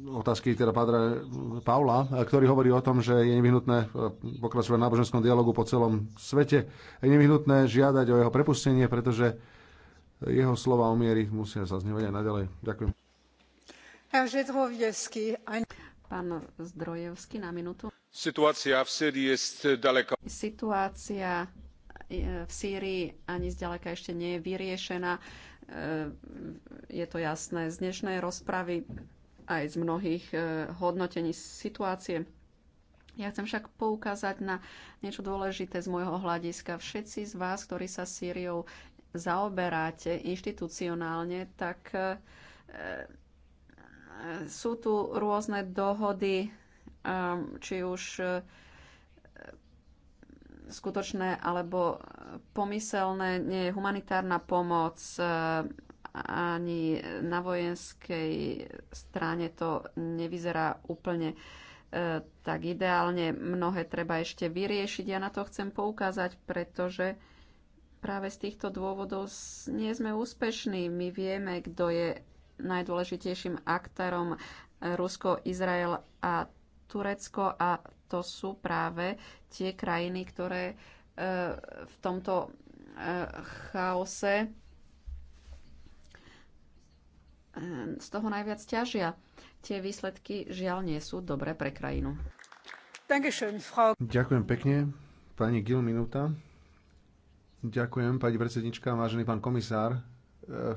otázky teda padra Paula, ktorý hovorí o tom, že je nevyhnutné pokračovať v náboženskom dialogu po celom svete. Je nevyhnutné žiadať o jeho prepustenie, pretože jeho slova o miery musia zaznievať aj naďalej. Ďakujem. Pán Zdrojevský na minútu. Situácia v Syrii je daleko. Situácia e, v Sýrii ani zďaleka ešte nie je vyriešená. E, je to jasné z dnešnej rozpravy aj z mnohých e, hodnotení situácie. Ja chcem však poukázať na niečo dôležité z môjho hľadiska. Všetci z vás, ktorí sa Sýriou zaoberáte inštitucionálne, tak e, e, sú tu rôzne dohody, e, či už skutočné alebo pomyselné, nie je humanitárna pomoc, ani na vojenskej strane to nevyzerá úplne tak ideálne. Mnohé treba ešte vyriešiť. Ja na to chcem poukázať, pretože práve z týchto dôvodov nie sme úspešní. My vieme, kto je najdôležitejším aktérom eh, Rusko, Izrael a Turecko a to sú práve tie krajiny, ktoré eh, v tomto eh, chaose z toho najviac ťažia. Tie výsledky žiaľ nie sú dobré pre krajinu. Ďakujem pekne. Pani Gil, minúta. Ďakujem, pani predsednička, vážený pán komisár. E,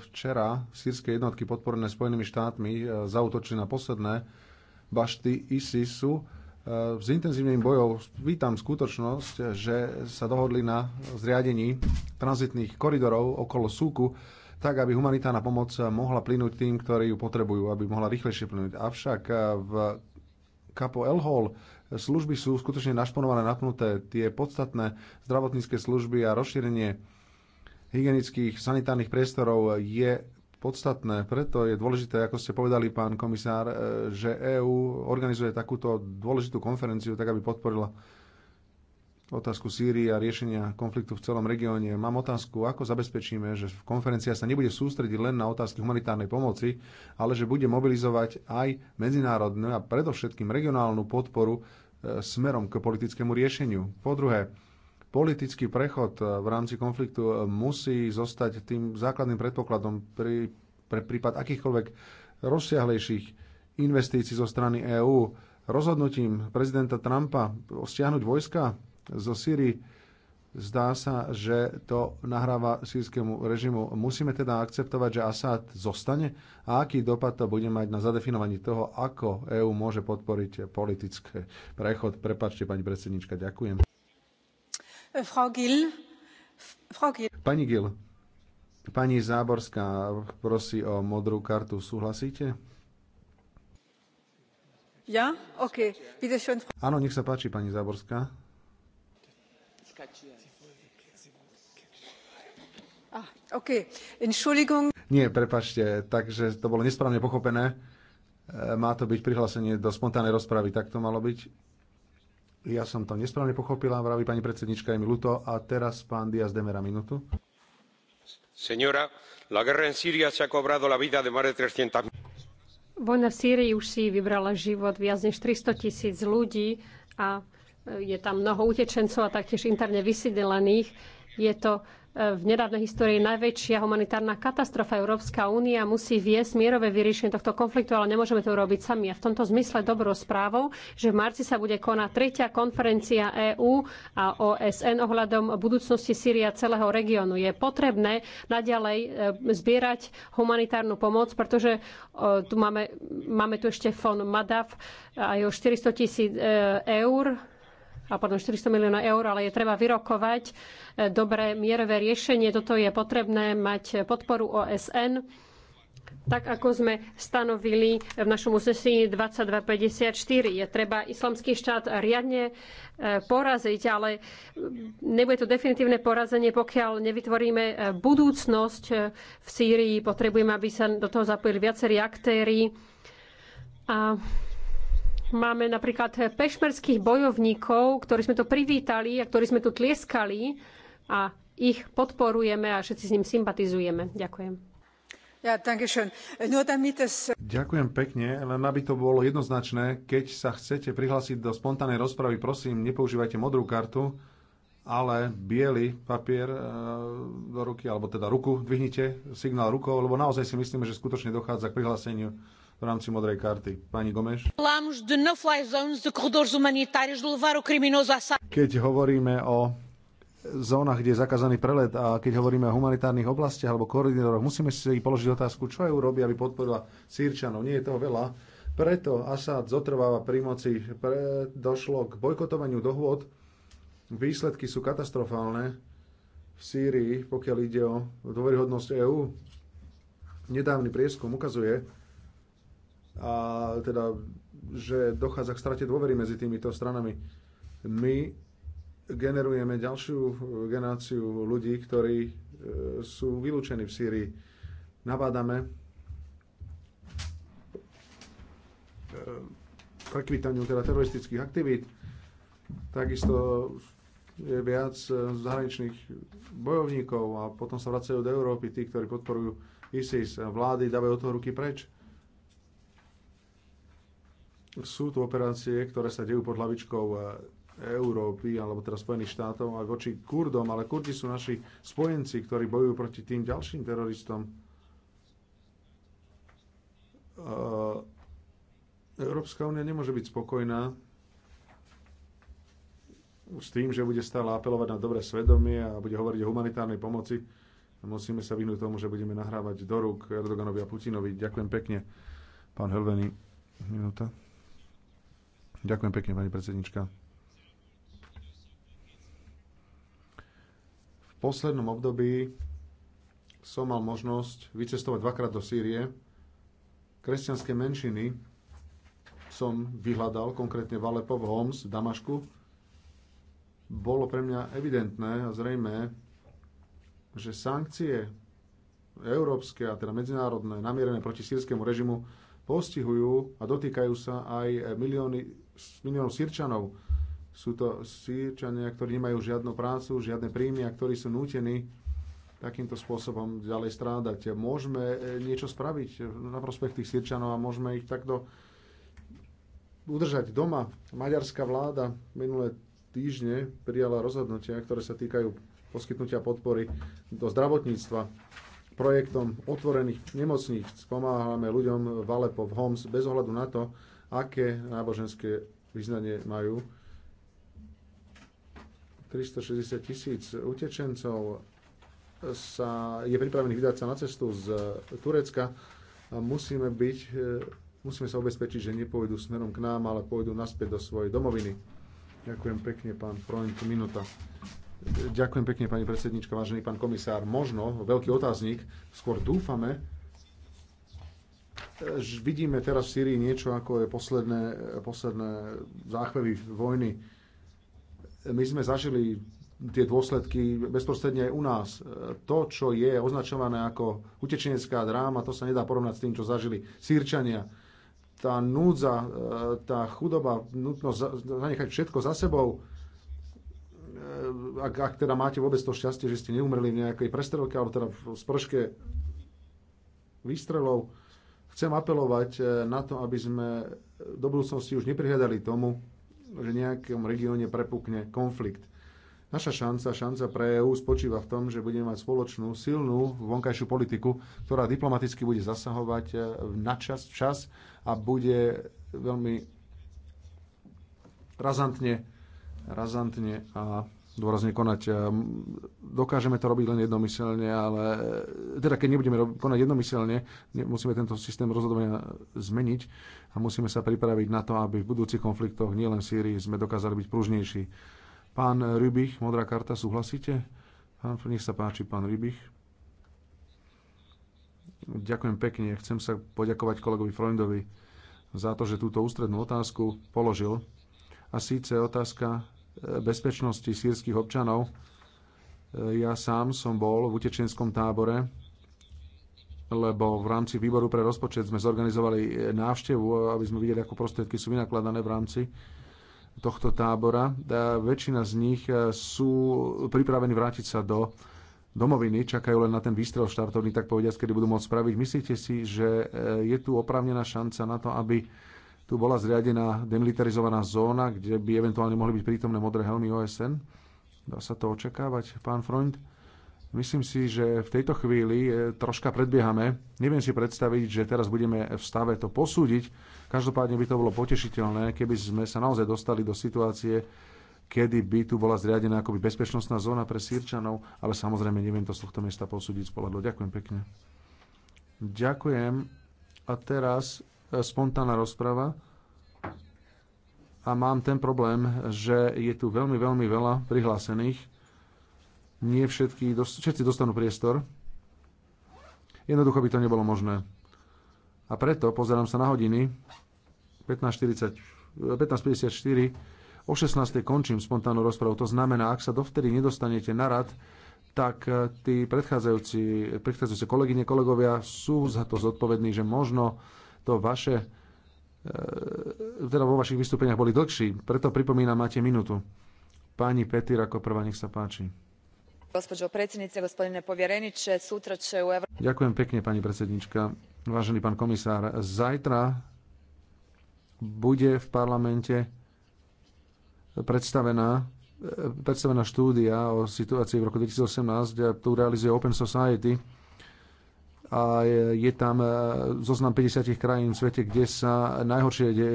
včera sírske jednotky podporené Spojenými štátmi e, zautočili na posledné bašty ISISu. E, s intenzívnym bojov vítam skutočnosť, že sa dohodli na zriadení tranzitných koridorov okolo Súku, tak aby humanitárna pomoc mohla plynúť tým, ktorí ju potrebujú, aby mohla rýchlejšie plynúť. Avšak v Kapo El Hol služby sú skutočne našponované, napnuté. Tie podstatné zdravotnícke služby a rozšírenie hygienických sanitárnych priestorov je podstatné. Preto je dôležité, ako ste povedali, pán komisár, e, že EÚ organizuje takúto dôležitú konferenciu, tak aby podporila otázku Sýrie a riešenia konfliktu v celom regióne. Mám otázku, ako zabezpečíme, že konferencia sa nebude sústrediť len na otázky humanitárnej pomoci, ale že bude mobilizovať aj medzinárodnú a predovšetkým regionálnu podporu e, smerom k politickému riešeniu. Po druhé, politický prechod e, v rámci konfliktu e, musí zostať tým základným predpokladom pri, pre prípad akýchkoľvek rozsiahlejších investícií zo strany EÚ. Rozhodnutím prezidenta Trumpa stiahnuť vojska zo Syrii. Zdá sa, že to nahráva sírskému režimu. Musíme teda akceptovať, že Assad zostane a aký dopad to bude mať na zadefinovaní toho, ako EÚ môže podporiť politické prechod. Prepačte, pani predsednička, ďakujem. Eh, Frau Frau Pani Gil, pani Záborská prosí o modrú kartu. Súhlasíte? Ja? Áno, nech sa páči, pani Záborská. Ah, Nie, prepačte, takže to bolo nesprávne pochopené. E, má to byť prihlásenie do spontánnej rozpravy, tak to malo byť. Ja som to nesprávne pochopila, vraví pani predsednička, je mi ľúto. A teraz pán Diaz Demera minútu. Señora, la guerra en Siria se ha cobrado la vida de más de 300 Vojna v Sýrii už si vybrala život viac než 300 tisíc ľudí a je tam mnoho utečencov a taktiež interne vysídelených. Je to e, v nedávnej histórii najväčšia humanitárna katastrofa. Európska únia musí viesť mierové vyriešenie tohto konfliktu, ale nemôžeme to urobiť sami. A v tomto zmysle dobrou správou, že v marci sa bude konať tretia konferencia EÚ a OSN ohľadom budúcnosti Sýria celého regiónu. Je potrebné naďalej e, zbierať humanitárnu pomoc, pretože e, tu máme, máme tu ešte fond MADAV a jeho 400 tisíc eur a pardon, 400 miliónov eur, ale je treba vyrokovať e, dobré mierové riešenie. Toto je potrebné mať podporu OSN. Tak ako sme stanovili v našom uznesení 2254, je treba islamský štát riadne e, poraziť, ale nebude to definitívne porazenie, pokiaľ nevytvoríme e, budúcnosť v Sýrii. Potrebujeme, aby sa do toho zapojili viacerí aktéry. A Máme napríklad pešmerských bojovníkov, ktorí sme tu privítali a ktorí sme tu tlieskali a ich podporujeme a všetci s ním sympatizujeme. Ďakujem. Ja, es... Ďakujem pekne, len aby to bolo jednoznačné, keď sa chcete prihlásiť do spontánnej rozpravy, prosím, nepoužívajte modrú kartu, ale biely papier e, do ruky, alebo teda ruku dvihnite, signál rukou, lebo naozaj si myslíme, že skutočne dochádza k prihláseniu v rámci modrej karty. Pani Gomeš? Keď hovoríme o zónach, kde je zakázaný prelet a keď hovoríme o humanitárnych oblastiach alebo koordinátoroch, musíme si položiť otázku, čo EU robí, aby podporila Sýrčanov. Nie je toho veľa. Preto Asad zotrváva pri moci. Pre, došlo k bojkotovaniu dohôd. Výsledky sú katastrofálne v Sýrii, pokiaľ ide o dôveryhodnosť EÚ. Nedávny prieskum ukazuje, a teda, že dochádza k strate dôvery medzi týmito stranami. My generujeme ďalšiu generáciu ľudí, ktorí e, sú vylúčení v Sýrii. Nabádame e, prekvitaniu teda teroristických aktivít. Takisto je viac e, zahraničných bojovníkov a potom sa vracajú do Európy tí, ktorí podporujú ISIS. Vlády dávajú od toho ruky preč sú tu operácie, ktoré sa dejú pod hlavičkou eh, Európy, alebo teda Spojených štátov, aj voči Kurdom, ale Kurdi sú naši spojenci, ktorí bojujú proti tým ďalším teroristom. Eh, Európska únia nemôže byť spokojná s tým, že bude stále apelovať na dobré svedomie a bude hovoriť o humanitárnej pomoci. Musíme sa vyhnúť tomu, že budeme nahrávať do rúk Erdoganovi a Putinovi. Ďakujem pekne. Pán Helvený, minúta. Ďakujem pekne, pani predsednička. V poslednom období som mal možnosť vycestovať dvakrát do Sýrie. Kresťanské menšiny som vyhľadal, konkrétne v Alepo, v Homs, v Damašku. Bolo pre mňa evidentné a zrejme, že sankcie európske a teda medzinárodné namierené proti sírskému režimu postihujú a dotýkajú sa aj milióny miliónov Sýrčanov. Sú to Sýrčania, ktorí nemajú žiadnu prácu, žiadne príjmy a ktorí sú nútení takýmto spôsobom ďalej strádať. Môžeme e, niečo spraviť na prospech tých Sýrčanov a môžeme ich takto udržať doma. Maďarská vláda minulé týždne prijala rozhodnutia, ktoré sa týkajú poskytnutia podpory do zdravotníctva projektom otvorených nemocníc pomáhame ľuďom v Alepo, v Homs, bez ohľadu na to, aké náboženské význanie majú. 360 tisíc utečencov sa, je pripravených vydať sa na cestu z Turecka. Musíme, byť, e, musíme sa ubezpečiť, že nepôjdu smerom k nám, ale pôjdu naspäť do svojej domoviny. Ďakujem pekne, pán Freund, minúta. Ďakujem pekne, pani predsednička, vážený pán komisár. Možno, veľký otáznik, skôr dúfame, vidíme teraz v Syrii niečo, ako je posledné, posledné záchvevy vojny. My sme zažili tie dôsledky bezprostredne aj u nás. To, čo je označované ako utečenecká dráma, to sa nedá porovnať s tým, čo zažili sírčania. Tá núdza, e, tá chudoba, nutnosť zanechať všetko za sebou, e, ak, ak teda máte vôbec to šťastie, že ste neumreli v nejakej prestrelke alebo teda v sprške výstrelov, Chcem apelovať e, na to, aby sme do budúcnosti už neprihľadali tomu, že v nejakom regióne prepukne konflikt. Naša šanca, šanca pre EÚ spočíva v tom, že budeme mať spoločnú, silnú vonkajšiu politiku, ktorá diplomaticky bude zasahovať e, na čas, čas a bude veľmi razantne, razantne a dôrazne konať. Dokážeme to robiť len jednomyselne, ale e, teda keď nebudeme konať jednomyselne, musíme tento systém rozhodovania zmeniť a musíme sa pripraviť na to, aby v budúcich konfliktoch, nielen v Sýrii, sme dokázali byť pružnejší. Pán Rybich, modrá karta, súhlasíte? Pán, nech sa páči, pán Rybich. Ďakujem pekne. Chcem sa poďakovať kolegovi Freundovi za to, že túto ústrednú otázku položil. A síce otázka bezpečnosti sírskych občanov. Ja sám som bol v utečenskom tábore, lebo v rámci výboru pre rozpočet sme zorganizovali návštevu, aby sme videli, ako prostriedky sú vynakladané v rámci tohto tábora. A väčšina z nich e, sú pripravení vrátiť sa do domoviny, čakajú len na ten výstrel štartovný, tak povediať, kedy budú môcť spraviť. Myslíte si, že e, je tu oprávnená šanca na to, aby tu bola zriadená demilitarizovaná zóna, kde by eventuálne mohli byť prítomné modré helmy OSN. Dá sa to očakávať, pán Freund? Myslím si, že v tejto chvíli e, troška predbiehame. Neviem si predstaviť, že teraz budeme v stave to posúdiť. Každopádne by to bolo potešiteľné, keby sme sa naozaj dostali do situácie, kedy by tu bola zriadená akoby bezpečnostná zóna pre Sýrčanov, ale samozrejme neviem to z tohto miesta posúdiť spoladlo. Ďakujem pekne. Ďakujem. A teraz spontánna rozprava a mám ten problém, že je tu veľmi, veľmi veľa prihlásených. Nie všetky, všetci dostanú priestor. Jednoducho by to nebolo možné. A preto pozerám sa na hodiny 15.54 o 16. končím spontánnu rozpravu. To znamená, ak sa dovtedy nedostanete na rad, tak eh, tí predchádzajúci, predchádzajúci kolegyne, kolegovia sú za to zodpovední, že možno to vaše e, teda vo vašich vystúpeniach boli dlhší, preto pripomínam, máte minútu. Pani Petir, ako prvá, nech sa páči. Ďakujem pekne, pani predsednička. Vážený pán komisár, zajtra bude v parlamente predstavená e, predstavená štúdia o situácii v roku 2018, ktorú realizuje Open Society a je tam e, zoznam 50 krajín v svete, kde sa najhoršie kde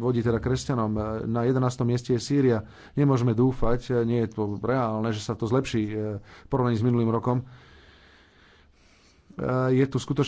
vodí teda kresťanom. E, na 11. mieste je Sýria. Nemôžeme dúfať, e, nie je to reálne, že sa to zlepší v porovnaní s minulým rokom. Je tu skutočne